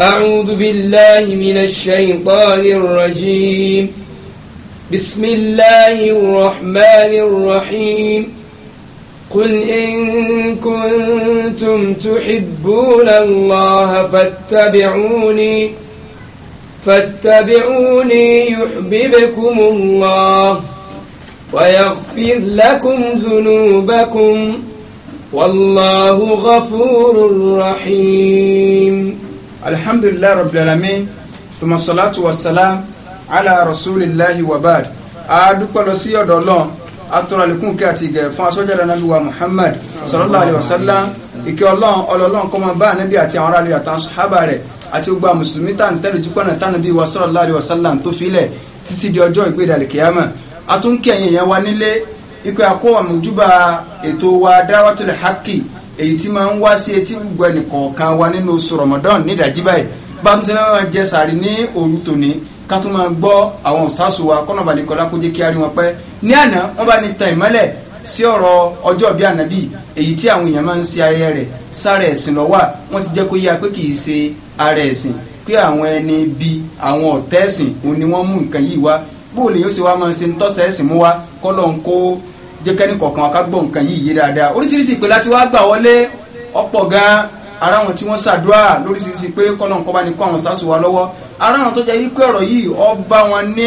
أعوذ بالله من الشيطان الرجيم بسم الله الرحمن الرحيم قل إن كنتم تحبون الله فاتبعوني فاتبعوني يحببكم الله ويغفر لكم ذنوبكم والله غفور رحيم alhamdulilayi rabbil alamin suma salatu wa salam ala rasulillahi wa baad a dúpẹ́ lọ sí ọ̀dọ̀ Ọlọ́run atọ́rọ̀lẹ́kùn kí àti ìgẹ̀ fún asọ́jà lánàlúwà Muhammad sallallahu alaihi wasallam ìkẹ́ Ọlọ́run ọlọ́lọ́run kọ́ máa bá ànábì àti àwọn aráàlú àtàwọn sàhábà rẹ̀ àti gbogbo àwọn mùsùlùmí tá ń tẹ́lẹ̀ jùpọ̀nà tánàbí wa sallallahu alaihi wasallam tó filẹ̀ títí di ọjọ́ ìgbédàlẹ̀ kìyàmà a tún kí nílé ikú àkó àmójúbà ètò wa dáwàtúlẹ̀ hákì èyí tí máa ń wá sí etí gbogbo ẹnìkọ̀ọ̀kan wa nínú oṣù Ramadan nídàjí báyìí bá ń sẹ́ni máa jẹ sààrì ní òru tòní ká tún máa gbọ́ àwọn ọ̀sáàsù wa kọ́nà balẹ̀kọ́lá kó jẹ́ kí a rí wọn pẹ́ ní àná wọ́n bá ní tan ìmọ́lẹ̀ sí ọ̀rọ̀ ọjọ́ bíi ànábì èyí tí àwọn èèyàn máa ń ṣe ayẹyẹ rẹ̀ sára ẹ̀sìn lọ́wọ́ wọ́n ti jẹ́ kó yá pé kì í ṣe ara ẹ̀sìn pé àwọn ẹni bí àwọn ọ̀tẹ́sìn òun wọ́n mú nǹkan yìí wá bóòlù yóò ṣe wá máa ṣe ń tọ́sẹ̀ ẹ̀sìn mú wá kọ́lọ́ ń kó jẹ́ kẹ́ni kọ̀ọ̀kan ká yìí yé dáadáa oríṣiríṣi ìpè láti wá gbà wọlé ọ̀pọ̀ gan ara wọn tí wọ́n ṣàdúrà lóríṣiríṣi pé kọ́nà nǹkan bá ní kọ́ àwọn sàásù wa lọ́wọ́ ara wọn tó jẹ́ wípé ọ̀rọ̀ yìí ó bá wọn ní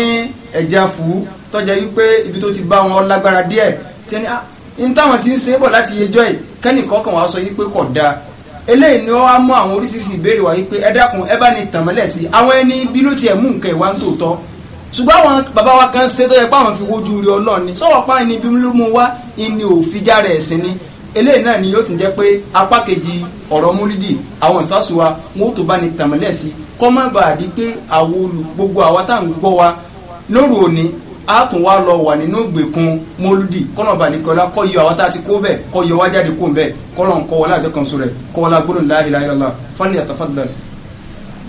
ẹ̀já fù ú tó jẹ́ wípé ibi tó ti bá wọn lágbára díẹ̀ tẹ́ni ah, n táwọn ti ń ṣe é bọ̀ láti yejọ́ ẹ̀ kẹ́ni kọ́kàn wá sọ wípé kò dáa eléyìí ni wọ́n á mú àwọn oríṣiríṣi ìbéèrè wá wípé ẹ dákun ẹ bá ní tàn sí àwọn ẹni bí ló tiẹ̀ mú nǹkan ìwà ń tòótọ́ ṣùgbọ́n àwọn bàbá wa kan ṣe tó yẹ pé àwọn fi wojú rí ọlọ́run ni sọ́wọ́ pa ni bí ló wá ni òfin jára ẹ̀sìn ni eléyìí náà ni yóò tún jẹ́ pé apá kejì ọ̀rọ̀ múlídì àwọn ìsásù wa wọn ó tó bá ní tàmílẹ̀ sí kọ́ má bàa di pé àwo olù gbogbo àwa tá à ń gbọ́ wa lóru òní a tún wá lọ wà nínú gbèkun mólúdì kọ́nà balikọ́lá kọ́ yọ àwa tá a ti kó bẹ́ẹ̀ kọ́ yọ wá kó bẹ́ẹ̀ kọ́nà kọ́ wọlé àjọkànṣe rẹ̀ kọ́ wọlé agbóhùn láhìláhìlá fálíyàtàfàdàlẹ̀.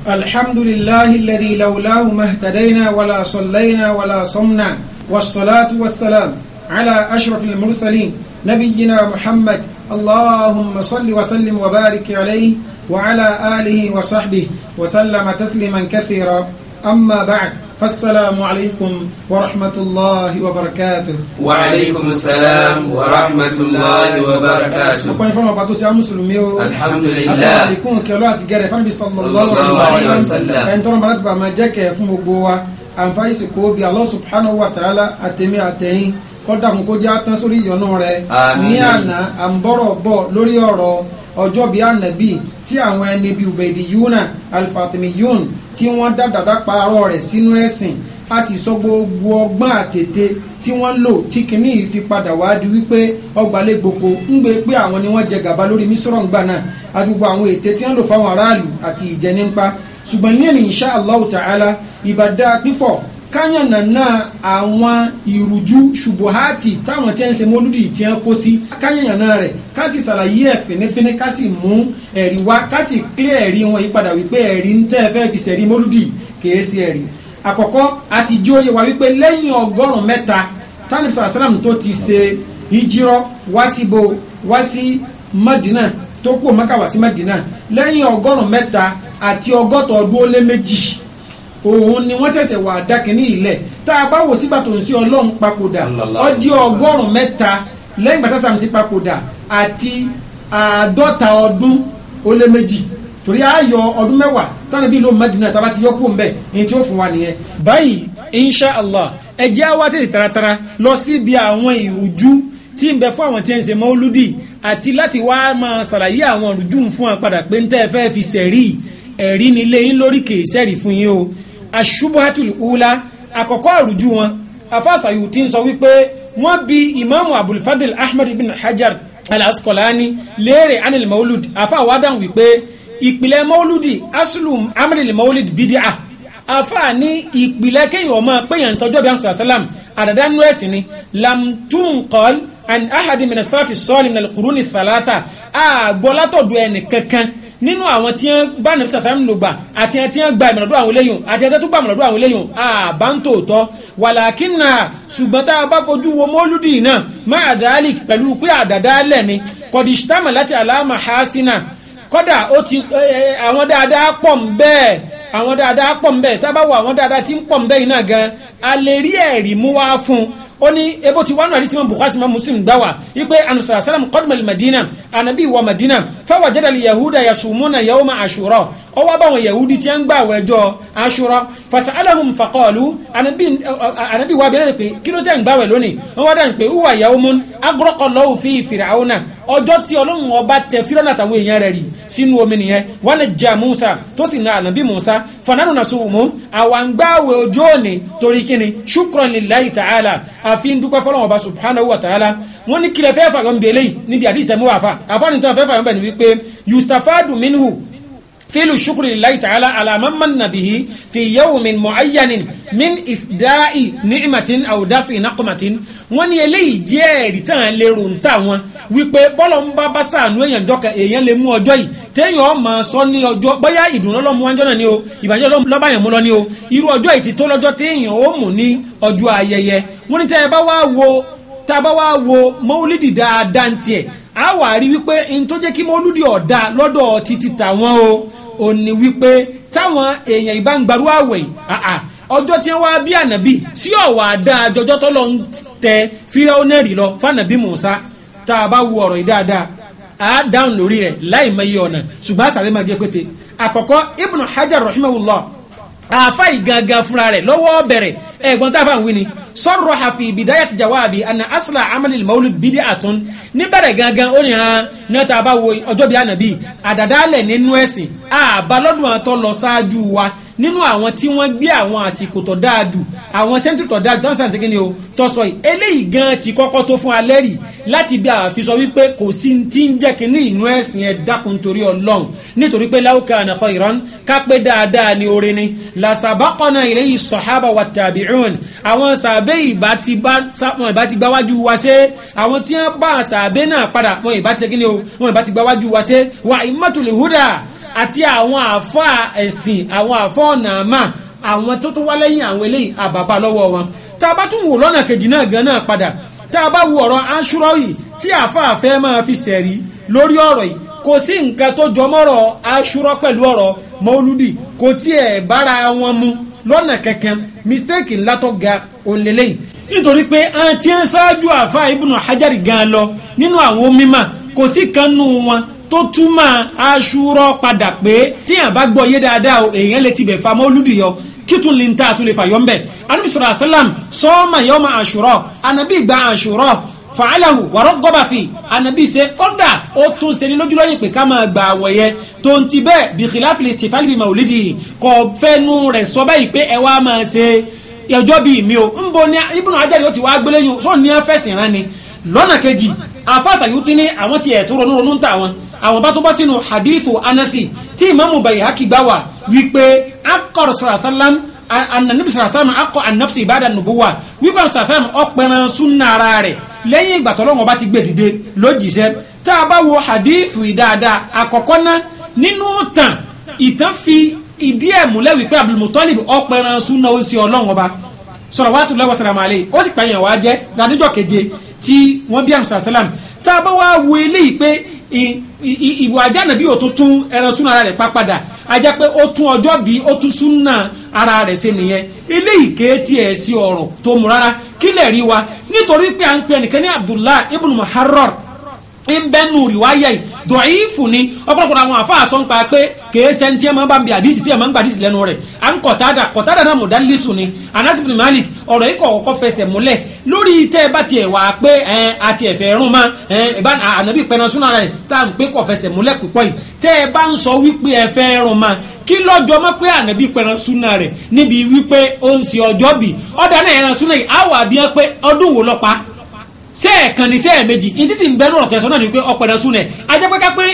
الحمد لله الذي لولاه ما اهتدينا ولا صلينا ولا صمنا والصلاة والسلام على أشرف المرسلين نبينا محمد اللهم صل وسلم وبارك عليه وعلى آله وصحبه وسلم تسليما كثيرا أما بعد فالسلام عليكم ورحمة الله وبركاته وعليكم السلام ورحمة الله وبركاته أكون فرما بعضو سيا مسلمي الحمد لله لكم كيلو أتجاري فنبي صلى الله عليه وسلم فإن ترى مرات بما جاك يفهم بوا أنفاي سكو بي الله سبحانه وتعالى أتمي أتين kódà kó jẹ́ atán sórí ìyọnú أمبرو بو àná àǹbọ̀rọ̀ bọ̀ lórí ọ̀rọ̀ ọjọ́ bíi ànábì tí àwọn ẹni tí wọ́n dàdàdà parọ́ rẹ̀ sínú ẹ̀sìn a sì sọ gbogbo ọgbọ́n àtètè tí wọ́n lò tí kìíní yìí fi padà wá di wípé ọgbàlégbòko ń gbé pé àwọn ni wọ́n jẹ gàba lórí mísọ̀rọ̀ ńgbà náà àti gbogbo àwọn ète tí wọ́n lò fáwọn aráàlú àti ìjẹnipa ṣùgbọ́n ní ẹ̀nì insha Allah ta'ala ìbàdá pípọ̀ káyànnà náà àwọn ìrújú ṣubuhati táwọn tí ń ṣe mọ́lúdì tí ń kó sí káyànnà rẹ̀ ká sì ṣàlàyé ẹ̀ fínífíní ká sì mú ẹ̀rí wá ká sì clear ẹ̀rí wọn yípadà wípé ẹ̀rí ń tẹ́ fẹ́ fi ṣẹ̀rí mọ́lúdì kìí ṣe ẹ̀rí àkọ́kọ́ àti jóye wa wípé lẹ́yìn ọgọ́rùn-ún mẹ́ta tani sàlám tó ti ṣe hijirọ́ wá síbo wá sí Madina tó kú Mákà sí Madina lẹ́yìn ọgọ́rùn-ún mẹ́ta àti ọgọ́tọ̀ ọdún ó lé méjì òun ni wọ́n ṣẹ̀ṣẹ̀ wà dákínní ilẹ̀ tá a bá wò sígbà tó ń sí ọlọ́run papòdà ọjọ́ ọgọ́rùn-ún mẹ́ta lẹ́yìn gbàtà sàmì ti papòdà àti àádọ́ta ọdún ó lé méjì torí a yọ ọdún mẹ́wàá tánà bí ìlú Madina tá a bá ti yọ kó mbẹ ní tí ó fún wa nìyẹn. báyìí insha allah ẹ jẹ́ àwa tètè taratara lọ síbi àwọn ìrújú tí ń bẹ fún àwọn tí ń ṣe mọ́lúdì àti láti wá máa ṣàlàyé àwọn ìrújú fún wa pé ń tẹ́ fẹ́ fi ṣẹ̀rí ẹ̀rí nílé yín lórí kèé fún yín o asubuhatul ula àkọ́kọ́ àrùjú wọn afásayù ti ń sọ wípé wọ́n bi imaamu abulfadil ahmed ibn hajar alaskolani léèrè anil maulud afáwádàn wípé ìpìlẹ̀ mauludi asulum amril maulid bidia afa ní ìpìlẹ̀ kéèyàn ọmọ péyàn sọjọ́ bí ansa salam àdàdà nù ẹ̀sìn ni lamtun kọ́l an ahadi minasrafi sọ́ọ̀lì minal kuruni thalatha àgbọ̀látọ̀dọ̀ ẹnì kankan nínú àwọn tí wọn bá nàbí sàsàmù ló gbà àti ẹni tí wọn gba ìmọ̀nà dúró àwọn eléyìí àti ẹni tó gba ìmọ̀nà dúró àwọn eléyìí àbá ń tòótọ́ wàlàkínà ṣùgbọ́n tá a bá fojú wo mọ́lúdì náà má àdáálì pẹ̀lú pé àdàdálẹ̀ ni kọ̀dìṣítàmà láti àlámà hásínà kọ́dà ó ti àwọn dáadáa pọ̀ ń bẹ́ẹ̀ àwọn dáadáa pọ̀ ń bẹ́ẹ̀ tá a bá wo àwọn dáadáa tí ń pọ̀ ń bẹ́ẹ̀ yìí náà gan a rí ẹ̀rí mú wá fún un ó ní ebo ti wánú àdìtí mọ bukhari ti mọ muslim gbá wa ipe anusalasalam kọdùmẹlì madina anabi wa madina fáwọn jẹdàlì yahuda yasumuna yawma ashura ó wá báwọn yahudi tí ń gbà wẹjọ aṣura fasa alahum fakọọlu anabi wa bẹ̀rẹ̀ pé kí ló tẹ ń gbàwẹ̀ lónìí wọn wá dáhùn pé wúwa yawmun agrọkọlọwù fi fìràwọnà ọjọ́ tí Ọlọ́run ọba tẹ fírọnà àtàwọn èèyàn rẹ̀ rí sínú omi nìyẹn wọn lè ja musa tó sì na anabi musa fananu na sùnmù àwọn gbàwẹ̀ ọjọ́ òní torí kíni shukran lillahi ta'ala àfi dúpẹ́ fọlọ́run ọba subhanahu wa ta'ala wọn ní kílẹ̀ fẹ́ fàgọ́ nbẹ̀lẹ́ níbi àdìsẹ́ mú wàfà àfọ̀nìtàn yustafadu minhu fílù ṣukuri láì tààlà alamọ́mọ́n nàbìhí fi yawmin mu'ayyanin min isda'i ni'matin awdafi nakumatin wọ́n ní eléyìí jẹ́ ẹ̀rí tán lérò ń tà wọn wípé bọ́lọ̀ ń bá bá sàánú èèyàn jọkẹ́ èèyàn lè mú ọjọ́ yìí téèyàn ọ máa sọ ní ọjọ́ bóyá ìdùnnú lọ́mú wájọ́ náà ni o ìbàjẹ́ lọ́bàyàn mú lọ ni o irú ọjọ́ yìí ti tó lọ́jọ́ téèyàn ó mú ní ọjọ́ ayẹyẹ wọ́n ní tẹ́ ẹ bá wá wo tá a bá wá wo mọ́wúlídìí dáadáa ń tiẹ̀ á wípé n kí mọ́wúlídìí ọ̀dà lọ́dọ̀ títí tàwọn o òun ni wípé táwọn èèyàn ìbá ń gbarú àwẹ̀ yìí ọjọ́ tí wọ́n wá bí ànábì sí ọ̀wà dáa jọjọ́ tọ́lọ́ ń tẹ fíráúnẹ́rì lọ fànàbí Mùsá tá a bá wo ọ̀rọ̀ yìí dáadáa a dáhùn lórí rẹ̀ láì mọ iye ọ̀nà ṣùgbọ́n àṣàrẹ́ máa jẹ́ pété àkọ́kọ́ Ibn Hajar rahimahullah àáfà ìgangan fúnra rẹ̀ lọ́wọ́ bẹ̀rẹ̀ ẹ̀gbọ́n táfà ń wí ni sarraha fi bidayati jawabi anna asla amalil mawlid bid'atun níbẹ̀rẹ̀ gangan ó ní hàn ní ta bá wo ọjọ́ bíi ànàbí àdàdálẹ̀ nínú ẹ̀sìn àbálọ́dún àtọ́ lọ ṣáájú wa nínú àwọn tí wọ́n gbé àwọn àsìkò tó dáa jù àwọn sẹ́ńtì tó dáa jù tó ń sàn sí kí ni o tó sọ yìí eléyìí gan ti kọ́kọ́ tó fún alẹ́ rì láti bí àfi sọ wípé kò sí ti ń jẹ́ kínní inú ẹ̀sìn ẹ̀ dákun torí ọlọ́run nítorí pé láwùká ànàfọ́ ìran ká dáadáa ni orin ni làṣàbákọ́nà ìlẹ́yìí sọ̀hábà wà tàbíùn àwọn sàbẹ́ ìbá ti gbá wájú wa ṣe àwọn tí wọ́n bá sàbẹ́ náà padà wọn ìbá ti kí ni o ìbá ti gbá wájú wa ṣe wà ìmọ̀tòlè húdà àti àwọn àfa ẹ̀sìn àwọn àfa ọ̀nà àmà àwọn tó tó wá lẹ́yìn àwọn eléyìí àbàbà lọ́wọ́ wọn tá a bá tún wò lọ́nà kejì náà gan náà padà tá a bá wo ọ̀rọ̀ anṣúrọ̀ tí àfa àfẹ́ máa fi sẹ̀rí lórí ọ̀rọ̀ yìí kò sí nǹkan tó jọmọ́rọ̀ aṣúrọ̀ pẹ̀lú ọ̀rọ̀ mọ́lúdì kò tiẹ̀ bára wọn mu lọ́nà kankan mistake ńlá tó ga òun lélẹ́yìn nítorí pé àwọn tí ń ṣáájú àfa ibùnà hajari gan lọ nínú àwọn mímà kò sí kan nù wọn tó túmọ̀ aṣúrọ̀ padà pé tíyàn bá gbọ́ yé dáadáa o èèyàn lè tibẹ̀ fa mọ́lúdì yọ kítún lè ta àtúlẹ̀ fàyọ́ ńbẹ̀ anabi sọ̀rọ̀ àṣàlám sọ́ọ́mà yọ́mà aṣúrọ̀ anabi gba aṣúrọ̀ fàálàhù wàrọ̀ gọ́bàfì anabi ṣe kọ́dà ó tún ṣe ní lójúlọ́yìn pé ká máa gba àwọ̀ yẹ tó ń ti bẹ́ẹ̀ bìkìláfìlì tìfálìbì màwùlídì kò fẹ́nu rẹ̀ sọ ni lọ́nà kejì àfàṣàyútí ní àwọn ti ẹ̀ tó ronú ronú àwọn bá tó bọ́ sínú hadithu anasi tí ìmáàmù bayhaki gbà wá wípé akọrọ sàrásálàm ananibi sàrásálàm akọ anafsi ìbàdàn nùbúwà wípé sàrásálàm ọpẹran súnnara rẹ̀ lẹ́yìn ìgbà tọ́lọ́wọ́n bá ti gbé dìde lójíṣẹ́ tá a bá wo hadithu ìdáadáa àkọ́kọ́ ná nínú tàn ìtàn fi ìdí ẹ̀ múlẹ̀ wípé abdulmutalib ọpẹran súnà ó ń ṣe ọlọ́wọ́n ba sọ̀rọ̀ wàá tún lọ́wọ́ sàràmàlẹ́ ó sì pààyàn wá jẹ́ ládùjọ́ keje tí wọ́n bí àmì sàrásálàm tá a bá wá wo eléyìí pé ìwà àjànàbí ò tún tún ẹran súnà ara rẹ̀ pa padà a jẹ́ pé ó tún ọjọ́ bí ó tún súnà ara rẹ̀ ṣe nìyẹn eléyìí kéétì ẹ̀ sí ọ̀rọ̀ tó mu rárá kí lè rí wa nítorí pé à ń pe ẹnìkan ní Abdullah ibn Muharrar ń bẹ́nu rìwáyà yìí dọ̀yìn fún ni ọ̀pọ̀lọpọ̀ àwọn àfa àsọ̀npa pé kèé sẹ́ni tí ẹ máa bá ń bi àdìsí tí ẹ máa ń gba àdìsí lẹ́nu rẹ̀ à ń kọ̀tàdà kọ̀tàdà náà mọ̀dá lísù ni Anas Malik a yìí kọ̀ọ̀kọ́ fẹsẹ̀ múlẹ̀ lórí tẹ́ ẹ bá tiẹ̀ wà ẹ àti ma ẹ sọ wípé ma kí lọ́jọ́ pé ànábì rẹ̀ níbi wípé ó ń ọjọ́ bì ọ̀dà náà yìí á wà bí pé ọdún wo sẹ́ẹ̀kan ní sẹ́ẹ̀mejì ìdí sì ń bẹnu ọ̀rọ̀ tẹ̀sán náà ni pé ọ̀pẹ̀dà súnẹ̀ ajẹ́pẹ́ká pé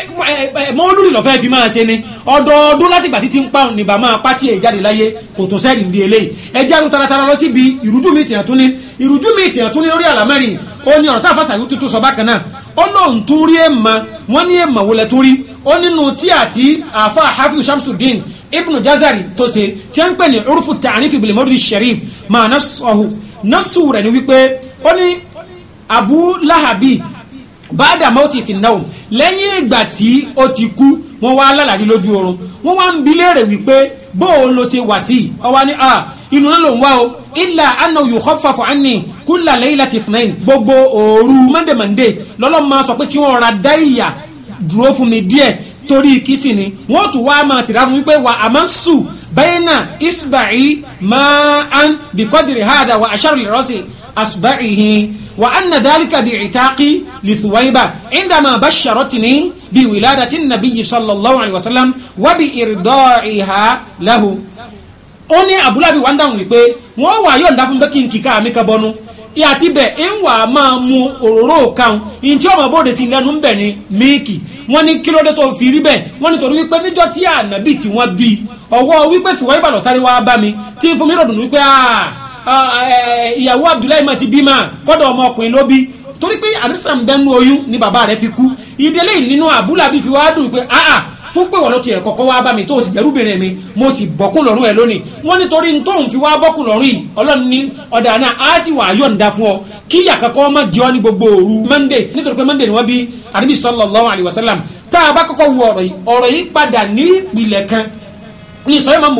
mọ́lúrì lọ́fẹ́ fi máa ṣe ni ọdọọdún láti gbà títí ń pa nìbà máa pátí ẹ̀ jáde láyé kò tún sẹ́ẹ̀rì ń bí eléyìí ẹjẹ́ àrùn taratara lọ síbi ìrújú mi tìyàn tún ní ìrújú mi tìyàn tún ní lórí àlámẹ́rin ó ní ọ̀rọ̀ táà fàṣàyù tuntun sọ bákan náà ó lóun tún rí èèmọ wọn ní èèmọ wọlé tún rí ó nínú tí àti àfa hafiz shamsuddin ibnu jazari tó ṣe tí ń pè ní urufu ta'arif bil mawdu sharif maana sọhu nasu rẹ ni wípé ó ní abu lahabi bada mauti finnaum lẹ́yìn ìgbà tí ó ti kú wọ́n wá lálàrí lójú oorun wọ́n wá ń bi léèrè wípé bóun ló ṣe wà sí ọwọ́ ni a inú náà ló ń wá o illa annahu yukhaffafu anni kulla laylati ithnain gbogbo òru monday monday lọ́lọ́mọ máa sọ pé kí wọ́n ra dá ìyà dúró fún mi díẹ̀ torí kìsì ni wọ́n tún wá máa sìrá fún wípé wà á máa sùn bayna isba'i máa ń bìkọ́dìrì hada wà á ṣàròlẹ̀ rọ́ọ̀sì أصبعه وأن ذلك بعتاق لثويبة عندما بشرتني بولادة النبي صلى الله عليه وسلم وبإرضاعها له ó ní abúlábì wá ń dáhùn wípé wọ́n wà yọ̀ǹda fún bẹ́kì kíkà mi kan bọ́nu àti bẹ́ẹ̀ ń wà máa mu òróró kan ní tí ọmọ bóde sí lẹ́nu ń bẹ̀ ní míìkì wọ́n ní kílódé tó fi rí bẹ́ẹ̀ wọ́n nítorí wípé níjọ́ tí ànábì tí wọ́n bí ọwọ́ wípé sùwọ́n ìbàdàn sáré wá bá mi tí fún rọ̀dùn wípé aaa ìyàwó Abdullahi ma ti bímọ kọ́dọ̀ ọmọkùnrin ló bí torí pé àdìsàn bẹ́nu oyún ni bàbá rẹ̀ fi kú ìdílé nínú àbúlà bí fi wá dùn pé áà fún pé wọ́n ti ẹ̀ kọ́kọ́ wá bá mi tó o sì jẹ́rúbìnrin mi mo sì bọ́kùn lọ́rùn ẹ̀ lónìí wọ́n nítorí n tóun fi wá bọ́kùn lọ́rùn yìí ọlọ́run ní ọ̀dà náà á sì wà yọ̀ǹda fún ọ kí yàkàkọ́ má jẹ́ ọ ní gbogbo òru Monday nítorí pé Monday ni wọ́n bí àdébí sallallahu alaihi wasallam tá a bá kọ́kọ́ wo ọ̀rọ̀ yìí ọ̀rọ̀ yìí padà ní ìpìlẹ̀ kan ní sọ́yọ́ máa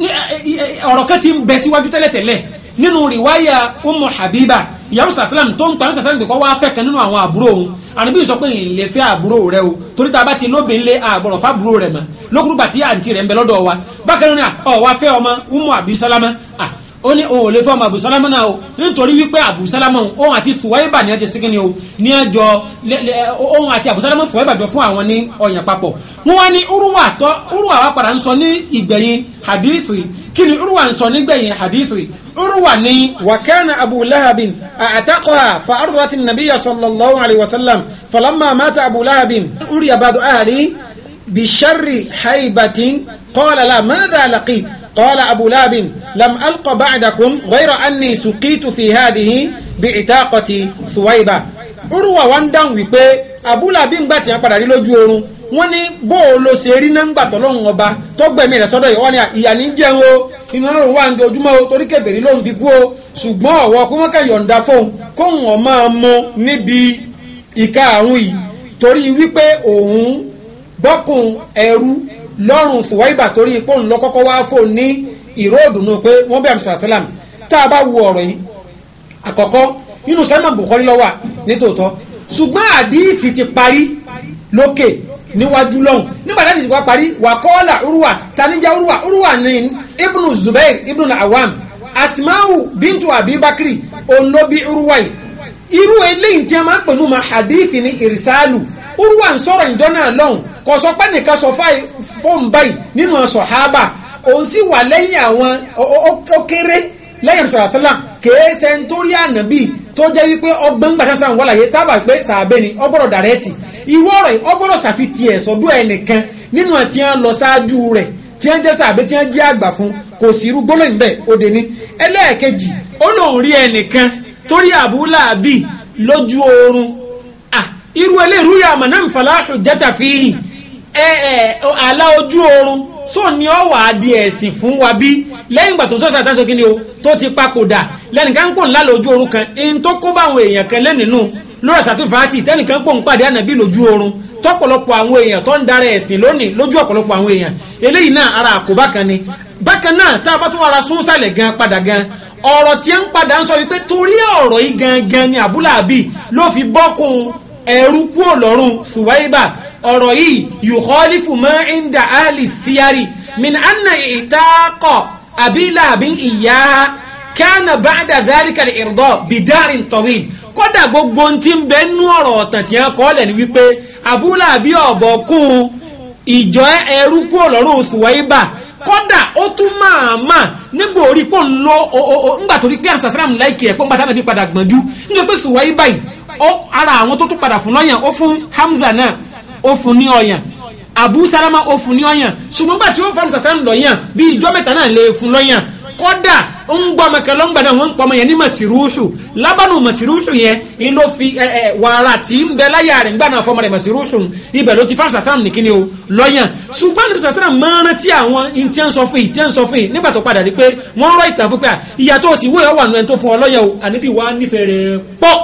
Eh, eh, eh, ọ̀rọ̀ kan ti ń bẹ síwájú tẹ́lẹ̀tẹ́lẹ̀ nínú rìwáyà Ummu Habiba ìyàwó sàsálàm tó ń pa sàsálàm pé kọ́ wá fẹ́ kan nínú àwọn àbúrò òun àníbí sọ pé ìlè fẹ́ àbúrò rẹ o torí tá a bá ti lóbìn lé àgbọ̀rọ̀ fábúrò rẹ mọ́ lókùrùgbà tí àǹtí rẹ̀ ń bẹ lọ́dọ̀ wa bákan náà ọ̀ wá fẹ́ ọmọ Ummu Abi Salama ó ní òun ò lè fọmọ Abu Salama náà o nítorí wípé Abu Salama òun àti Thuwaiba ní ẹjẹ síkìnì o ní ẹjọ òun àti Abu Salama Thuwaiba jọ fún àwọn ní ọyàn papọ̀ wọn wá ní Urwa tọ́ Urwa wa padà ń sọ ní ìgbẹ̀yìn hadithi kí ni Urwa ń sọ nígbẹ̀yìn hadithi Urwa ní. wa kana Abu Lahabin a'taqaha fa ardati nabiyya sallallahu alayhi wa sallam falamma mata Abu Lahabin uriya ba'du ahli bisharri haybatin la madha laqit قال أبو لاب لم ألق بعدكم غير أني سقيت في هذه بعتاقة ثويبة Urwa wa ń dáhùn wípé abúlábí ń gbà tí wọ́n bó o lo ṣe náà ń gbà tọ́lọ́hún ọba tó gbẹ̀mí rẹ̀ sọ́dọ̀ ìwọ́n ni jẹun o iná lòun wà ní ojúmọ́ o torí kèfèrí lòun fi kú o ṣùgbọ́n ọ̀wọ́ pé wọ́n kà yọ̀ǹda fóun kóun ọ̀ máa mú níbi ìka àwọn yìí torí wípé òun bọ́kùn ẹrú lọ́rùn fùwáìbà torí ipò ńlọ kọ́kọ́ wá fóun ní ìró òdùnnú pé wọ́n bẹ̀rẹ̀ sàlásàlám tá a bá wo ọ̀rọ̀ yìí àkọ́kọ́ nínú sẹ́mọ̀ bùkọ́rí lọ́wà nítòótọ́ ṣùgbọ́n àdífi ti parí lókè níwájú lọ́hùn nígbà tí àdìsí wa parí wà kọ́ọ́là urwa tanijá urwa urwa ní ibnu zubair ibnu awam asmau bintu abibakiri onlobi urwa yìí irú eléyìí tí a máa ń pè ní ma àdífi ní ìrìsàlù urwa ń sọ̀rọ̀ ìjọ náà kò sọ pé nìkan sọ fóun báyìí nínú sọ̀hábà òun sì wà lẹ́yìn àwọn ó kéré lẹ́yìn sọ̀rọ̀ sálà kèé sẹ́ńtórí ànábì tó jẹ́ wípé ọgbọ́n gbàṣẹ́ sàn wọ́n láyé tábà pé sàbẹ̀ ni ọgbọ́dọ̀ dàrẹ́tì irú ọ̀rọ̀ yìí ọgbọ́dọ̀ sàfitì ẹ̀ sọ́dọ̀ ẹnìkan nínú àti hàn lọ ṣáájú rẹ̀ tí wọ́n jẹ́ sàbẹ̀ tí wọ́n jẹ́ àgbà fún kò sí irú gbólóyìn bẹ́ẹ̀ ó dé ní ẹlẹ́ẹ̀kejì ó lòun rí ẹnìkan torí àbúláàbì lójú oorun irú ẹlẹ́rú yà mọ̀nà ń fàlàhù jẹ́ta fìhì ala ojú oorun so ni ọ wà á di ẹ̀sìn fún wa bí lẹ́yìn ìgbà tó ni o tó ti papòdà lẹ́nìkan pò ńlá lójú oorun kan ẹni tó kó bá àwọn èèyàn kan lẹ́nìínú lórí àsàtú fàátì tẹ́nìkan pò ń pàdé ànàbí lójú oorun tọ́pọ̀lọpọ̀ àwọn èèyàn tó ń darẹ̀ ẹ̀sìn lónìí lójú ọ̀pọ̀lọpọ̀ àwọn èèyàn eléyìí náà ara àkóbá kan ni bákan náà tá a bá tún ara sún sálẹ̀ gan padà gan sọ wípé torí ọ̀rọ̀ yìí ni àbúlà bíi ló fi bọ́kùn ẹ̀rú ọ̀rọ̀ yìí yùkọ́lífù mọ́ ìndà áàlì síyárì min anna ìtaakọ̀ àbílàbí ìyá kánà báàdà dhalika ìrọ̀dọ̀ bìdárin tọ̀wìn kódà gbogbo ti ń bẹ nú ọ̀rọ̀ ọ̀tàn tí wọ́n kọ́ lẹ̀ ní wípé àbúlàbí ọ̀bọ̀ kún ìjọ ẹrú kú ọ̀lọ́rùn Suwaiba kódà ó tún máa mà nígbà orí pò ń lọ ńgbà torí pé àṣàṣàràm láìkì ẹ̀ pọ́n bá tánà padà gbọ̀njú nítorí pé Suwaiba yìí ara àwọn tó tún padà fún lọ́yàn ó fún Hamza náà ó fún ọyàn Abu Salama ó fún ní ọyàn ṣùgbọ́n gbà tí ó fam sàsán lọ́yàn bí ìjọ mẹ́ta náà lè fún lọ́yàn kódà ń gbọ́ ọmọ kan lọ́ngbà náà wọ́n ń pọ̀ ọmọ yẹn ní màsíruuṣù lábànú màsíruuṣù yẹn ń lọ fi ẹ ẹ wàrà tí ń bẹ láyà rẹ̀ ńgbà náà fọmọ rẹ̀ màsíruuṣù ibẹ̀ ló ti fam sàsán ní kíni o lọ́yàn ṣùgbọ́n ní sàsán mọ́rán tí àwọn ìtẹ́ ń sọ fún ìtẹ́ ń sọ fún nígbà tó padà rí pé wọ́n rọ ìtàn fún pé ìyàtọ̀ òsì wúyọ̀ wà nù ẹni tó fún ọ lọ́yàn o àníbí wa nífẹ̀ẹ́ rẹ̀ pọ̀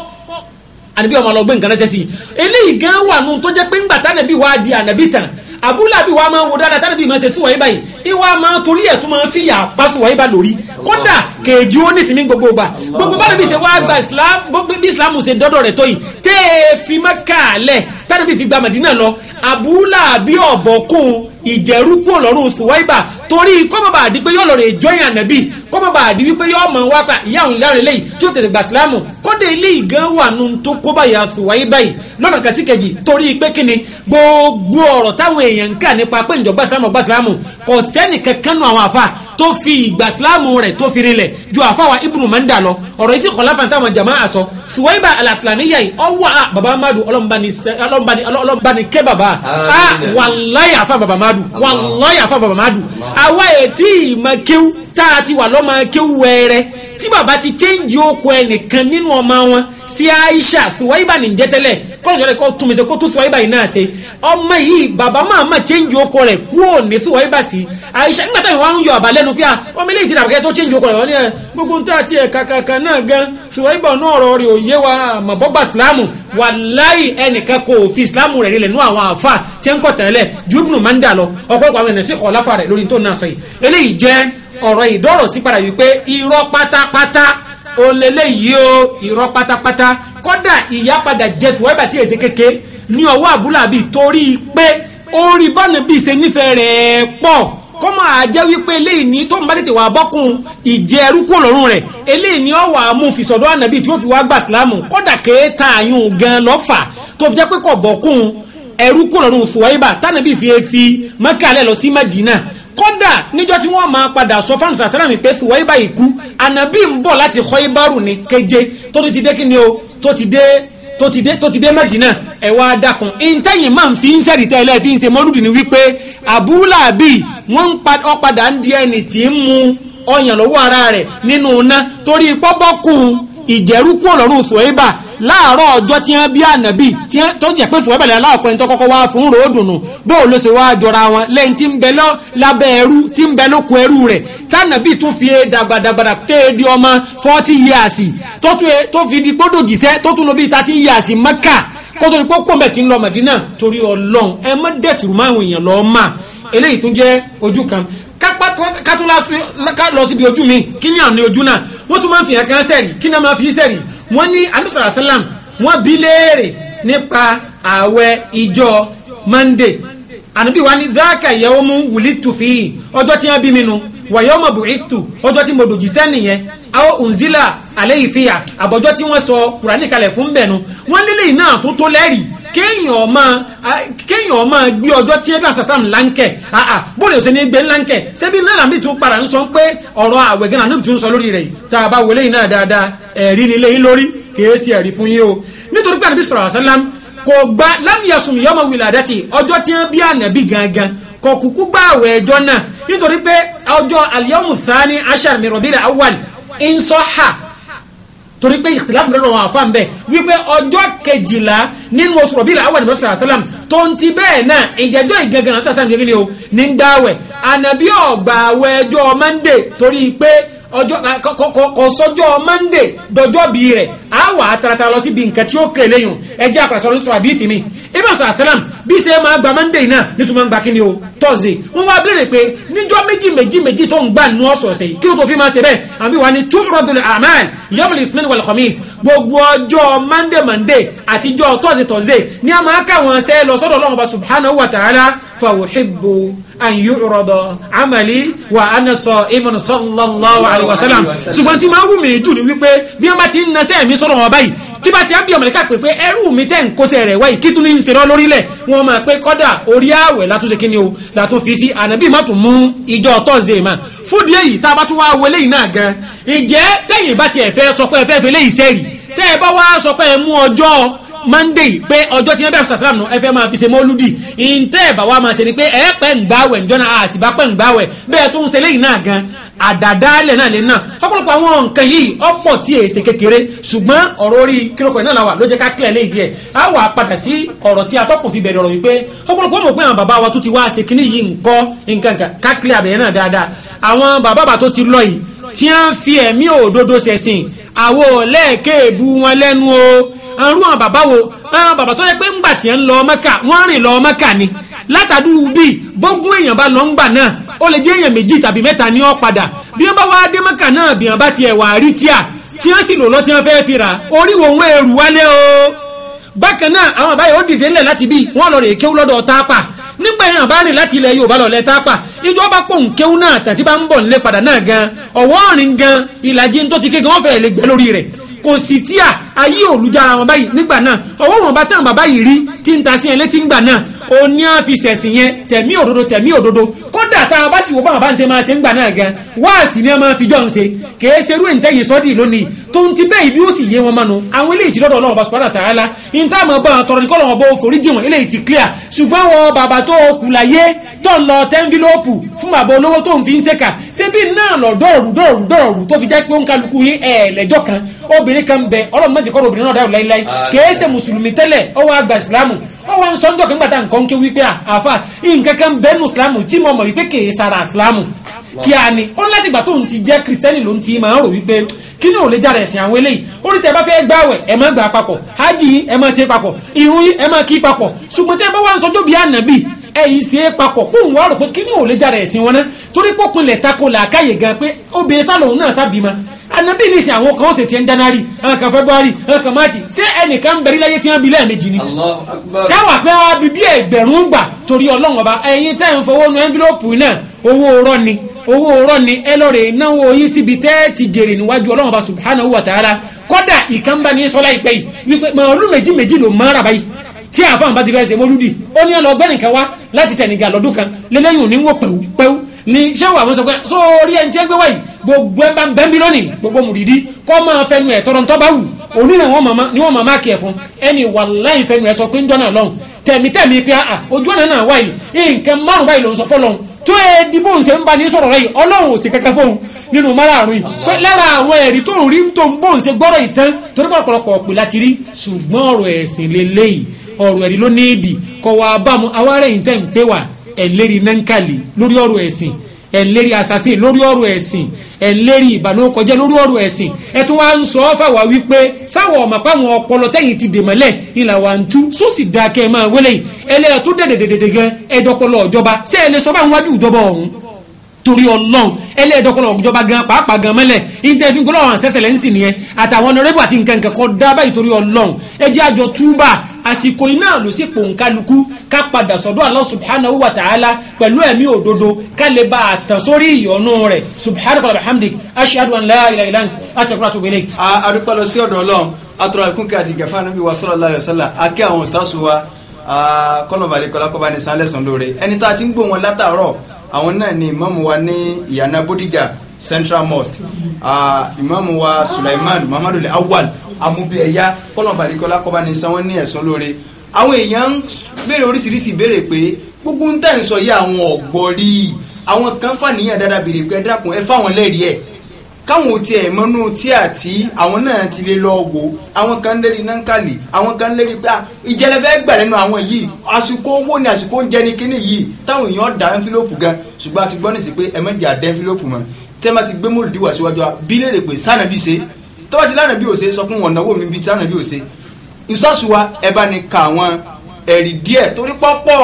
ànàbí ọmọ lọ gbé nǹkan lẹ́sẹ̀ sí i eléyìí gan wà nù tó jẹ́ pé ńgbà tánàbí wàá di ànàbí tán abúlábí wa máa ń wo dáadáa tánàbí máa ṣe fúwàá ibà yìí ìwà máa torí ẹ̀ tó máa fi yà pa fúwàá ibà lórí kódà kèjú ó nísìmí gbogbo gbà gbogbo bá nàbí ṣe wá gba islam gbogbo bí islam ṣe dọ́dọ̀ rẹ̀ tó yìí tẹ́ ẹ fi má kàálẹ̀ tánàbí fi gba Mádínà lọ abúlábí ọ̀bọ̀kún ìjẹ̀rúkú ọ̀lọ́run fúwàá ibà torí kọ́mọ̀bà àdí pé yóò lọ rè jọyìn ànábì kọ́mọ̀bà àdí wípé yóò mọ̀ wá pa ìyá òun láre lẹ́yìn tí ó tètè gbà sílámù kódé ilé ìgán wà nù tó kó báyà fìwáyé báyìí lọ́nà kàsí kejì torí pé kíni gbogbo ọ̀rọ̀ táwọn èèyàn ń kà nípa pé ǹjọ́ gbà sílámù gbà sílámù kò sẹ́nì kankan nù àwọn àfa tó fi ìgbà sílámù rẹ̀ tó fi rinlẹ̀ ju àfa wa ibùnú mẹ́ńdà lọ ọ̀rọ̀ yìí sì kọ́ láfa táwọn jàmá àsọ suwaiba alasilamiya yi ọwọ́ a baba madu ọlọ́mbani kẹ́ baba a wàláyà àfa baba madu wàláyà àfa baba madu àwa ètí ìmọ̀ kéwú tá a ti wà lọ́mọ kéwú wẹ́rẹ́ tí bàbá ti change oko ẹnìkan nínú ọmọ wọn sí Aisha Thuwaiba ní jẹ́tẹ́lẹ̀ kọ́lọ́jọ́ rẹ̀ kọ́ túnmí ṣe kó tún Thuwaiba yìí náà ṣe ọmọ yìí bàbá máa ma change oko rẹ̀ kúrò ní Thuwaiba sí Aisha nígbà táwọn wọn ń yọ àbálẹ́nu pé ah, ọmọ ilé ìtìlá àbúkẹ́ change oko rẹ̀ wọ́n ní ẹ eh, gbogbo ń tà tí ẹ kàkàkà náà gan Thuwaiba náà ọ̀rọ̀ rẹ̀ ò wa àmọ̀bọ́gbà sílámù wàláì ẹnìkan kò fi sílámù rẹ̀ rílẹ̀ nú àwọn àfa tí ń kọ̀ tẹ́lẹ̀ jùbùnù máa ń dà lọ ọ̀pọ̀lọpọ̀ àwọn ènìyàn sì kọ̀ láfa rẹ̀ lórí ọ̀rọ̀ ìdọ́rọ̀ sí padà wípé irọ́ pátápátá olélé yìí o irọ́ pátápátá kódà ìyá padà jẹ fìwẹ́bà tí èsì kéke ní ọwọ́ àbúlà bíi torí pé ó rí bọ́ọ̀nù bíi ṣe nífẹ̀ẹ́ rẹ̀ pọ̀ kó máa jẹ́ wípé eléyìí ní tó ń bá tètè wà bọ́kùn ìjẹ́ ẹrúkú ọ̀lọ́run rẹ̀ eléyìí ní ọ̀wà amúfisọ̀dọ̀ ànàbí tí ó fi wá gbà sílámù kódà kéèta àyùn gan lọ́fà tó fi jẹ́ pé kọ̀ bọ́kùn ẹrúkú ọ̀lọ́run fòwáyébà tánàbí fi fi mọ́kàlẹ́ lọ sí Mádínà kódà níjọ́ tí wọ́n máa padà sọ fáwọn sàṣẹ́rà mi pé fìwọ́ ibà ìkú ànàbí ń bọ̀ láti kọ́ ibàrù ní keje tó ti dé kí ni o tó ti dé tó ti dé tó ti dé Mẹ́dínà ẹ wá dákun ìntẹ́yìn máa ń fi ń sẹ́rì tẹ́lẹ̀ fi ń ṣe mọ́lúdì ni wípé àbúlàbí wọ́n ń padà ń di ẹni tí ń mu ọyàn lọ́wọ́ ara rẹ̀ nínú iná torí pọ́bọ́kùn ìjẹ́rú kú ọ̀lọ́run sùwẹ́bà láàárọ̀ ọjọ́ tí wọ́n bí ànábì tó jẹ́ pé fún ẹ̀bẹ̀lẹ̀ aláàkọ́ ẹni tó kọ́kọ́ wá fún ròódùnú bóò ló ṣe wáá jọra wọn lẹ́yìn tí ń bẹ lábẹ́ ẹrú tí ń bẹ lóko ẹrú rẹ̀ tànàbì tún fi e dàgbàdàgbàdà tẹ́ e di ọmọ forty years tó e, fi di gbódò jìṣẹ́ tó tún lọ bí thirty years mẹ́kà kótó ni kókó mẹ́ ti ń lọ Mẹ̀dínà torí Ọlọ́run ẹ má dẹ̀sìrù máwọn èèyàn lọ́ọ́ mà eléyìí tún jẹ́ ojú kan ká tún lọ síbi ojú mi kí wọ́n ní anusara salam wọ́n bi léèrè nípa ààwẹ̀ ìjọ monday ànábì wa ni dáàkà yawmu wulitu fi ọjọ́ tí wọ́n bí mi nu wa yawma bu'ithtu ọjọ́ tí mo dòjì sẹ́nìyẹn àwọn unzila alẹ́ ìfìyà àbọ̀jọ́ tí wọ́n sọ kùránì kalẹ̀ fún bẹ̀nu wọ́n lélẹ́yìn náà tó tó lẹ́rìí kéèyàn ọmọ kéèyàn ọmọ gbé ọjọ́ tí ebi asasam lánkẹ̀ àà bóde ọ̀sẹ̀ ní gbé lánkẹ̀ ṣebí náírà mi tún padà ń sọ pé ọ̀rọ̀ àwẹ̀ gan àná tún sọ lórí rẹ̀ tá a bá wọlé yìí náà dáadáa ẹ̀rí nílé yín lórí kìí ṣe ẹ̀rí fún yín o nítorí pé ànábì sọ̀rọ̀ àṣálàm kò gba lámìyàsùn yọmọ wìlàdàtì ọjọ́ tí wọ́n bí ànábì gangan kò kúkú gba àwẹ̀ ẹjọ́ náà nítorí pé ọjọ́ al-yawmu thani ashar min Rabi'il awwal in torí pé ìtìláfù lọ́dọ̀ wọn àfa ń bẹ̀ wípé ọjọ́ kejìlá nínú oṣù rọ̀bí làwọn àdìmọ́ sàrà sálàm tó ń ti bẹ́ẹ̀ náà ìjẹ́jọ́ ìgangan náà sàrà ní o ní ń gbààwẹ̀ ànàbí ọ̀gbàwẹ̀ ẹjọ́ mọ́ndé torí pé ọjọ́ kò sọ́jọ́ mọ́ndé dọjọ́ bí rẹ̀ àwọ̀ àtàràtà lọ síbi nǹkan tí ó kéré lẹ́yìn ẹjẹ́ àpàṣọ bí ṣe máa gba monday náà nítorí máa ń gba o thursday wọn wá béèrè pé níjọ́ méjì méjì méjì tó ń gbà nù ọ̀sọ̀ọ̀sẹ̀ kí o tó fi máa ṣe bẹ́ẹ̀ àbí wà ní tumradul amal yamuli fúnni wal khamis gbogbo ọjọ́ monday monday àtijọ́ thursday thursday Ni a máa ká wọn ṣe lọ sọ́dọ̀ ọlọ́run ọba subhanahu wa ta'ala fawuhibbu an yu'rada amali wa ana sa'imun sallallahu alaihi wasallam ṣùgbọ́n tí máa wù mí jù ní wípé bí wọ́n bá ti ń nasẹ́ mi sọ̀rọ̀ wọn tí bá ti á bí ọmọ nìkan pé pé ẹrú mi tẹ́ ń kóṣẹ́ rẹ̀ wáyé kí tún ní í ṣe rán lórílẹ̀ wọn máa pé kọ́dà orí ààwẹ̀ látúnṣe kí ni o látún fi sí ànábì má tún mú ìjọ tọ́sídẹ̀ mà fún díẹ̀ yìí tá a bá tún wá wọlé yìí náà gan ìjẹ́ tẹ́yìn bá tiẹ̀ fẹ́ sọ pé fẹ́ lé ìṣẹ́rì tẹ́ ẹ bá wá sọ pé mú ọjọ́ monday pé ọjọ́ tí wọ́n bẹ̀rẹ̀ sàsàlám nù ẹ fẹ́ máa fi ṣe mọ́lúdì ìǹtẹ́ ẹ̀bà wa máa ṣe ni pé ẹ pẹ́ ń gbáwẹ̀ ǹjọ́ náà àṣìbá pẹ́ ń gbáwẹ̀ bẹ́ẹ̀ tún ń ṣe lẹ́yìn náà gan àdàdálẹ̀ náà lè náà ọ̀pọ̀lọpọ̀ àwọn nǹkan yìí ọ̀pọ̀ tí èyí ṣe kékeré ṣùgbọ́n ọ̀rọ̀ orí kílókọ̀ náà làwà ló jẹ́ ká kílẹ̀ lé ìdíẹ̀ á wà padà sí ọ̀rọ̀ tí atọ́kùn fi bẹ̀rẹ̀ ọ̀rọ̀ wípé ọ̀pọ̀lọpọ̀ mọ̀ pé àwọn bàbá wa tó ti wá ṣe kíní yìí ńkọ́ nǹkan ká kílẹ̀ àbẹ̀yẹ náà dáadáa àwọn bàbá tó ti lọ yìí tí wọ́n fi ẹ̀mí òdodo ṣẹ̀sìn àwo lẹ́ẹ̀kẹ́ èbú wọn lẹ́nu o àrùn àwọn bàbá wo àwọn bàbá tó yẹ pé ńgbà tí ń lọ Mẹ́kà wọ́n rìn lọ Mẹ́kà ni látàdúró bíi bógún èèyàn bá lọ ńgbà náà ó lè jẹ́ èèyàn méjì tàbí mẹ́ta ní ó padà bí wọ́n bá wá dé Mẹ́kà náà bí wọ́n bá tiẹ̀ wà rí tíà tí wọ́n sì lò lọ tí wọ́n fẹ́ fi rà orí wo wọn èrú wálé o bákan náà àwọn àbáyọ ó dìde ńlẹ̀ láti bíi wọ́n lọ rè kéwú lọ́dọ̀ tápà nígbà yẹn àbá rìn láti ilẹ̀ Yorùbá lọ́lẹ̀ tápà ìjọ bá pò ń kéwú náà tàbí bá ń bọ̀ nílé padà náà gan ọ̀wọ́ ọ̀rìn gan ìlàjì tó ti ké wọ́n fẹ́ lè gbẹ lórí rẹ̀ kò sì tí à ayé òlùjára wọn báyìí nígbà náà ọwọ́ wọn bá tán bàbá yìí rí tí ń ta sí ẹ létí ńgbà náà ó ní fi sẹ̀sìn yẹn tẹ̀mí òdodo tẹ̀mí òdodo kódà tá a bá sì wò bá wọn bá ń ṣe máa ṣe ńgbà náà gan wáàsí ni a máa fi jọ ń ṣe kèé ṣerú ẹ̀ ń tẹ́yìn sọ́dì lónìí tó ń ti bẹ́ẹ̀ ibi ó sì yé wọn mánu àwọn eléyìí ti lọ́dọ̀ ọlọ́run bá subhanahu wa ta'ala ní tá àmọ́ bá wọn tọrọ ní kọ́ lọ́wọ́ bó forí jìn wọn eléyìí ti clear ṣùgbọ́n wọn bàbá tó kù láyé tó ń lọ tẹ́ńfílọ́pù fún bàbá olówó tó ń fi ń ṣèkà ṣébí náà lọ dọ́ọ̀rù dọ́ọ̀rù dọ́ọ̀rù tó fi jẹ́ pé ó ń kálukú yín ẹ̀ẹ́lẹ́jọ́ kan obìnrin kan bẹ ọlọ́run má jẹ́ kọ́ obìnrin náà dáhùn láíláí kèé ṣe mùsùlùmí tẹ́lẹ̀ ó wá gba ìsìlámù ó wá ń sọ ń dọ̀kẹ́ ńgbà tá à ń kọ́ ń ké wípé àáfà nǹkan kan kí a ní ó ní láti ìgbà tó ń ti jẹ́ kristẹni ló ń ti máa ń rò wípé kí ni ò lè jára ẹ̀sìn àwọn eléyìí ó ní tẹ́ bá fẹ́ gbààwẹ̀ ẹ máa gbà papọ̀ hajj yín ẹ máa ṣe papọ̀ irun yín ẹ máa kí papọ̀ ṣùgbọ́n tẹ́ bá wà ń sọjọ́ bíi ànábì ẹ̀yìn ṣe é papọ̀ kó ń wá rò pé kí ni ò lè jára ẹ̀sìn wọn náà torí pọ́pinlẹ̀ tako làákàyè gan pé obìnrin sálòun náà sábìímọ anabi ní sẹ àwọn kan ó sì ti ń janari àwọn kan february àwọn march ṣé ẹnìkan bẹ̀rẹ̀ láyé tí wọ́n bi lẹ́ẹ̀mejì ni. káwa pé wá bíbí ẹgbẹ̀rún gbà torí ọlọ́run ọba ẹ̀yin tẹ́ ń fowó nu envelope náà owó rọ owó ọ̀rọ̀ ni ẹ lọ́ọ̀rẹ́ ìnáwó yín síbi tẹ́ ti jèrè níwájú ọlọ́run bá subhanahu wa ta'ala kọ́dà ìkànnbá ní sọ́lá ìpẹ́ yìí wípé màálù méjì méjì ló máa rà báyìí tí àfáàn bá ti fẹ́ ṣe mọ́lúdì ó ní ọlọ́gbẹ́ nìkan wá láti Senegal lọ́dún kan lẹ́lẹ́yìn òní ń wò pẹ̀wú pẹ̀wú ni ṣéwù àwọn sọ pé sórí ẹni tí ẹ gbé wáyìí gbogbo ẹ bá ń bẹ́ẹ̀ mi lónìí gbogbo mùrìdí kọ́ máa fẹnu ẹ̀ tọrọ ntọ́ bá wù òní ni wọ́n máa máàkì ẹ̀ fún ẹni wàláì fẹnu ẹ̀ sọ pé ń jọ́nà lọ́hùn tẹ̀mítẹ̀mí pé àà ojú ọ̀nà náà wáyìí nǹkan márùn báyìí ló ń sọ fọ́lọ́hùn tó ẹ di bóun ṣe ń bá ní sọ̀rọ̀ rẹ̀ yìí ọlọ́run ò sì kankan fóun nínú márààrún yìí pé lára àwọn ẹ̀rí tó ń rí tó ń bóun ṣe gbọ́rọ̀ yìí tán torí pọ̀lọpọ̀ ọ̀pẹ láti rí ṣùgbọ́n ọ̀rọ̀ ẹ̀sìn lélẹ́yìí ọ̀rọ̀ ẹ̀rí ló ní èdì kọ̀ wá bá tẹ̀ ń pé wà ẹ̀lérí nánkàlì lórí ọ̀rọ̀ ẹ̀sìn ẹ̀ ń lérí assassin lórí ọ̀rọ̀ ẹ̀sìn ẹ̀ ń lérí ìbànúkọjẹ́ lórí ọ̀rọ̀ ẹ̀sìn ẹ̀ tún wá ń sọ ọ́ fàwa wípé sáwọ̀ ọ̀mà páwọn ọpọlọ tẹ̀yìn ti dè mọ́lẹ̀ ìlà wà ń tú sósì da kẹ́ ẹ máa wẹ́lẹ̀ yìí ẹlẹ́yà tó dẹ̀dẹ̀dẹ̀dẹ̀ gan ẹ̀dọ́pọlọ ọ̀jọba ṣé ẹ lè sọ bá wájú ìjọba ọ̀hún torí ọlọ́run ẹlẹ́ẹ̀dọ́kọ̀lọ́ ọ̀jọba gan pàápàá gan mẹ́lẹ̀ ìtẹ̀fín gbọ́dọ̀ àwọn àṣẹṣẹlẹ̀ ń sìn nìyẹn àtàwọn ọ̀nà rẹ́bù àti nǹkan nǹkan kọ́ dá báyìí torí ọlọ́run ẹ jẹ́ àjọ túbà àsìkò iná ló sì pòǹkálukú ká padà sọ́dọ̀ Allah subhanahu wa ta'ala pẹ̀lú ẹ̀mí òdodo ká lè bá a tàn sórí ìyọ́nú rẹ̀ subhanahu wa bihamdik ashhadu an la ilaha illa anta astaghfiruka wa atubu ilayk. a dúpẹ́ lọ sí ọ̀dọ̀ Ọlọ́run atọ́ra ìkúnkẹ́ àti ìgẹ̀fà níbi wa sallallahu alaihi wasallam akẹ́ àwọn òtásù wa kọ́nàbàlẹ̀ kọ́lákọ́bá ní sanlẹ̀sán lóore ẹni tá a ti ń gbọ́ wọn látàárọ̀ àwọn náà ni ìmáàmù central mosque Imam wa suleiman muhammadu awal amubiyaya kọlọ̀bàdìkọlá kọba ní sanwó ní ẹ̀sán lóore àwọn èèyàn ń béèrè oríṣiríṣi béèrè pé gbogbo ń tẹ̀ ń sọ yìí àwọn ọ̀gbọ́ rí i àwọn kan fàníyàn dáadáa béèrè pé ẹ dákun ẹ fáwọn lẹ́rìí ẹ̀ káwọn ò tiẹ̀ mọ́nú tí àti àwọn náà ti lè lọ wò àwọn kan lérí nankali àwọn kan lérí pé ìjẹlẹfẹ́ gbà lẹ́nu àwọn yìí àsìkò owó ni àsìkò oúnjẹ ni kíní yìí táwọn èèyàn dá ẹnfílọ́pù gan ṣùgbọ́n a ti gbọ́ nísìsiyìí pé ẹ mẹ́jẹ̀ àdá ẹnfílọ́pù mọ́ tẹ́lá ti gbé mọ́lùdí wá síwájú wa bí léèrè pé sànàbí ṣe tọ́wọ́ ti lánàbí ò ṣe sọ fún wọn náwó mi bí sànàbí ò ṣe ìsọ́sù wa ẹ bá ní ka àwọn ẹ̀rí díẹ̀ torí pọ́pọ̀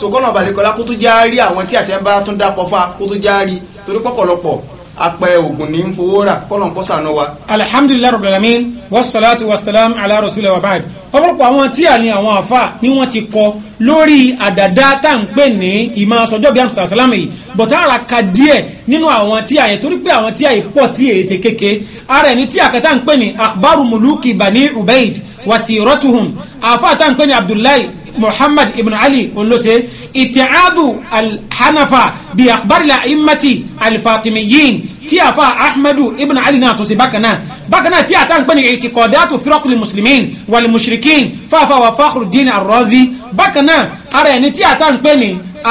sọgọ́nà balẹ̀kọ́lá kó tó jáárí àwọn tí àti ẹ bá tún dákọ̀ fún wa kó tó jáárí torí pọ́pọ̀lọpọ̀ apẹ oògùn ní fowó rà kọlọn kó ṣàánú wa. alihamdulilayi rabil alamin wasalaatu wasalaam ala rasulillah wa baad ọ̀pọ̀lọpọ̀ àwọn tí a ní àwọn afa ni wọ́n ti kọ lórí àdàdá tá à ń pè ní ìmọ̀ sọjọ́ bíi àmì sàlámù yìí bọ̀tá ara ka díẹ̀ nínú àwọn tí a yẹn torí pé àwọn tí a yìí pọ̀ tí èyí ṣe kéke ara ẹni tí a kẹta ń pè ní akhbaru muluki bani ubaid wasiratuhum afa tá à ń pè ní abdullahi muhammad ibn ali olóse ìtẹ̀ádù alhanafa bíi akhbari imati alifatimiyin tí àfa ahmadu ibn ali náà tó ṣe bákan náà bákan náà tí àtà ń pè ní ìtìkọ̀dátù fírọ́kùlì mùsùlùmíìn wàlì mùṣìríkìn fáfá wà fakhruddin ar-razi bákan náà ara ẹni tí àtà ń pè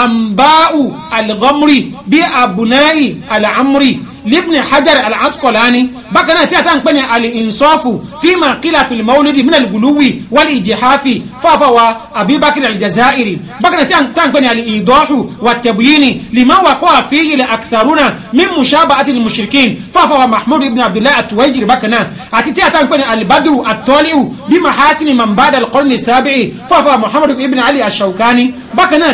ambau al-ghamri bí abunai al-amri libni hajar al-asqalani bákan náà tí a ta ń pè ní al-insafu fima qila fil mawlidi minal guluwi wal ijihafi fáfáwa abibakir al-jazairi bákan náà tí a ta ń pè ní al-idohu wa tabyini lima wa kọ́ àfihì lè aktharuna min mushaba'ati al-mushrikin fáfáwa mahmud ibn abdullahi atuwaijiri bákan náà àti tí a ta ń pè ní al-badru at-tali'u bí mahasini al-qarni sabi'i fáfáwa muhammad ibn ali ash-shawkani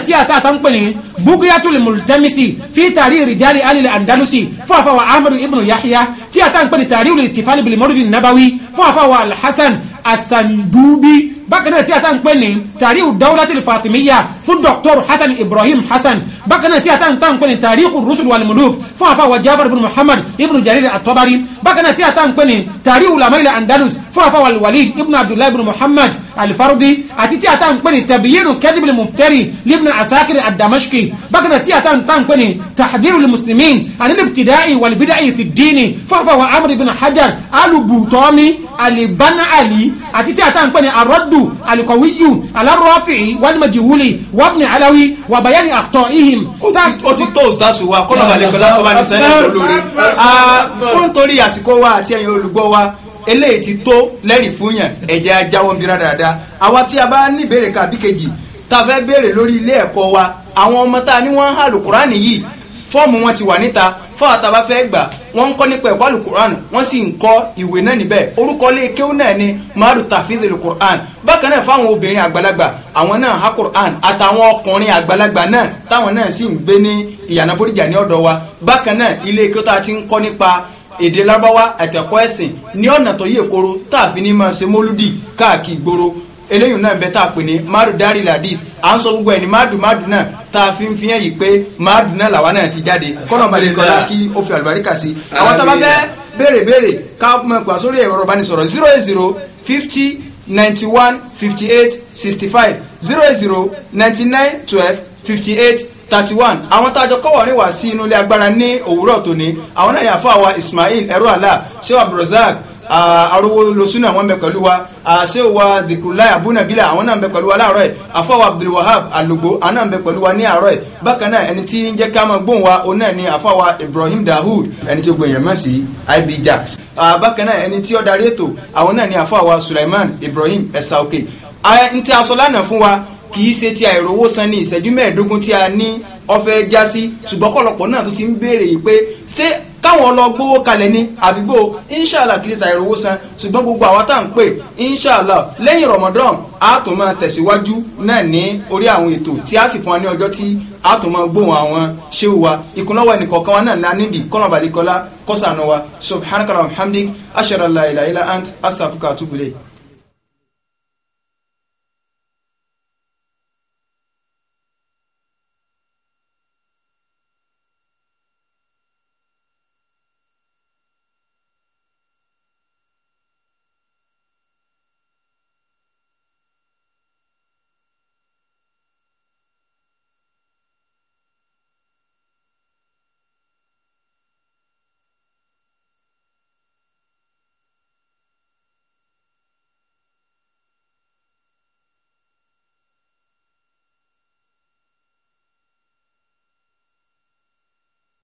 tí a ta ta ń pè ní bugiyatul multamisi fi tari rijali alil andalusi fún àfàwà ahmadu ibnu yahya tí a ta ń pè ní tari wuli tifali bil nabawi fún àfàwà alhassan asandubi bákan náà tí a ta ń pè ní tari dawlatil fatimiyya fún dr hasan ibrahim hasan bákan tí a tán pé ní tàríkù rusul wal muluk fún afa wa jafar ibn muhammad ibn jarir at-tabari bákan tí a pé ní tàríkù lamayla andalus fún afa wa walid ibn abdullahi ibn muhammad alifarudi àti tí a ta ń pè ní kẹ́dìbìlì muftari libna asakiri adamashki bákan náà tí a tán pè ní muslimin anil ibtidai walbidai fi dini afa wa amri bin hajar alubutomi alibana ali àti tí a ta ń pè ní arọ́dù alikowiyu alárọ́fì walimajiwuli wabni alawi wa bayani akhta'ihim. ó ti tó ustaz wa kọ́nà balẹ̀kọ́lá ọba ní sẹ́yìn olórí ah, fún torí àsìkò wa àti ẹ̀yin olùgbọ́ wa eléyìí ti tó lẹ́rìí fún yẹn ẹ̀jẹ̀ ajáwọ́ ń bira dáadáa àwa tí a bá ní ìbéèrè kàbí kejì tá a fẹ́ béèrè lórí ilé ẹ̀kọ́ wa àwọn ọmọ tá a wọ́n ń yìí fọ́ọ̀mù wọn ti wà níta fáwọn àtàbá fẹ́ gbà wọ́n ń kọ́ nípa ẹ̀kọ́ alukur'an wọ́n sì ń kọ́ ìwé náà níbẹ̀ orúkọ lé kéwú náà ni madu tafiz alukur'an bákan náà fáwọn obìnrin àgbàlagbà àwọn náà ha kur'an àtàwọn ọkùnrin àgbàlagbà náà táwọn náà sì ń gbé ní ìyànà bóríjà ní ọ̀dọ̀ wa bákan náà ilé kí ó ta ti ń kọ́ nípa èdè lárúbáwá àtẹ̀kọ́ ẹ̀sìn ní ọ̀nà tó yẹ kóró tá ní máa ṣe mólúdì káàkiri gbòòrò eléyìí náà bẹ tá a pè ní madu dari ladith à ń sọ gbogbo ẹ̀ ní madu madu náà tá a fi ń fihàn yìí pé madu náà làwa náà ti jáde kọ́nà kọ́lá kí o fi àlùbáríkà sí àwọn tá a bá fẹ́ béèrè béèrè ká mọ̀ pé àsórí ẹ̀rọ ìbánisọ̀rọ̀ zero eight zero fifty ninety one fifty eight sixty five zero eight zero ninety nine twelve fifty eight thirty one àwọn tá a jọ kọ́wọ́ rìn wá sí inú ilé agbára ní òwúrọ̀ tòní àwọn náà ní àfọwà Ismail ẹ̀rọ àlà sheu arówó losúnà wọn bẹ pẹ̀lú wa àṣẹ wa dìkúláì abúnabílà àwọn náà bẹ pẹ̀lú wa láàárọ̀ ẹ̀ àfọwọ́ abdulwahab alogbo àwọn náà bẹ pẹ̀lú wa ní àárọ̀ ẹ̀ bákan náà tí ń jẹ́ ká gbóhùn wa òun náà ni àfọwọ́ ibrahim dahud ẹni tí ó gbẹ̀yìn mọ̀ sí ib jacks bákan náà ẹni tí ó darí ètò àwọn náà ni àfọwọ́ sulaiman ibrahim ẹ̀sàókè n tí a sọ lánàá fún wa kì í ṣe ti àìrówó san ní ìṣẹ́jú mẹ́ẹ̀ẹ́dógún tí a ní ọ̀fẹ́ jásí ṣùgbọ́n kọ̀lọ̀pọ̀ náà tó ti ń béèrè yìí pé ṣé káwọn lọ gbowó kalẹ̀ ní àdúgbò inshallah kìí ta ìrówó san ṣùgbọ́n gbogbo àwa tá à ń pè inshallah lẹ́yìn Ramadan a tún máa tẹ̀síwájú náà ní orí àwọn ètò tí a sì fún wa ní ọjọ́ tí a tún máa gbóhùn àwọn ṣéwù wa ìkúnlọ́wọ́ ẹnìkọ̀ọ̀kan wa náà ní anídìí kọ́nàbàlíkọ́lá kọ́sànù wa subhanakala hamdik asharala ilaha illa ant astaghfiruka atubule.